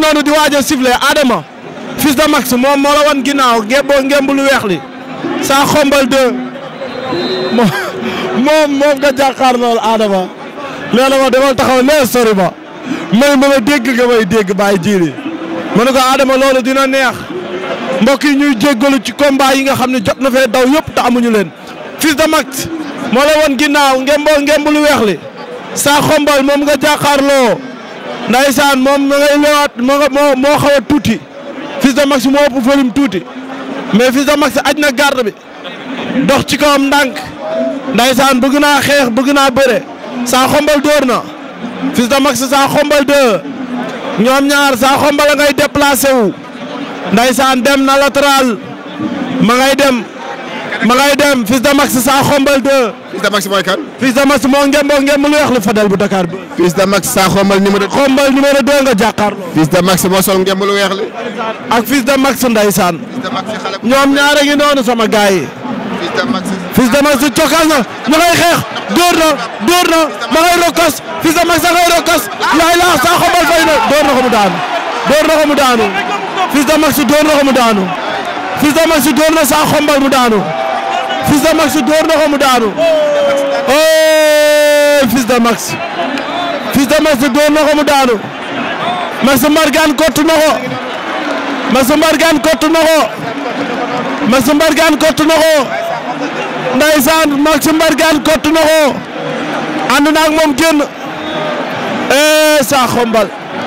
ngi di waaj a sifflé Adama fils de Max moom moo la wan ginnaaw ngébboo ngémb lu weex li saa xombal de moom moom nga jàkkaar lool Adama nee na ma demal taxaw nee sori ma may ma la dégg nga may dégg bàyyi jiiri ma ne ko Adama loolu dina neex mbokk yi ñuy jéggalu ci combat yi nga xam ne jot na fee daw yëpp te leen fils de Max moo la wan ginnaaw ngémboo ngémb lu weex li saa xombal moom nga jàkkaarloo ndaysaan moom ma ngay lewaat moo moo xaw tuuti Fils de Max moo ëpp volume tuuti mais Fils de Max aj na garde bi dox ci kawam ndànk ndaysaan bëgg naa xeex bëgg naa bëre saa xombal dóor na Fils de Max saa xombal deux ñoom ñaar saa xombal a ngay déplacé wu ndaysaan dem na latéral ma ngay dem ma ngay dem Fils de Max saa xombal 2. Fils de Max mooy fadal bu Dakar bi. Fils da Max saa xombal numéro. xombal numéro 2 nga jàkkaarloo. Fils de Max moo sol ngem lu weex li. ak Fils de Max ndeysaan. ñoom ñaare ngi noonu sama gaay yi. Fils de Max cokkaas na ñu ngay xeex dóor na dóor na ma ngay rokkas Fils de Max da ngay rokkas laay laax saa xombal fay na dóor mu daanu dóor xombal mu daanu Fils de Max door na ko mu daanu oh Fils de Max Fils de Max door na ko mu daanu Max Mbargane kottu na ko Max Mbargane kottu na ko Max Mbargane kottu na ko ndeysaan Max Mbargane kottu na ko ànd na ak moom génn eh saa xombal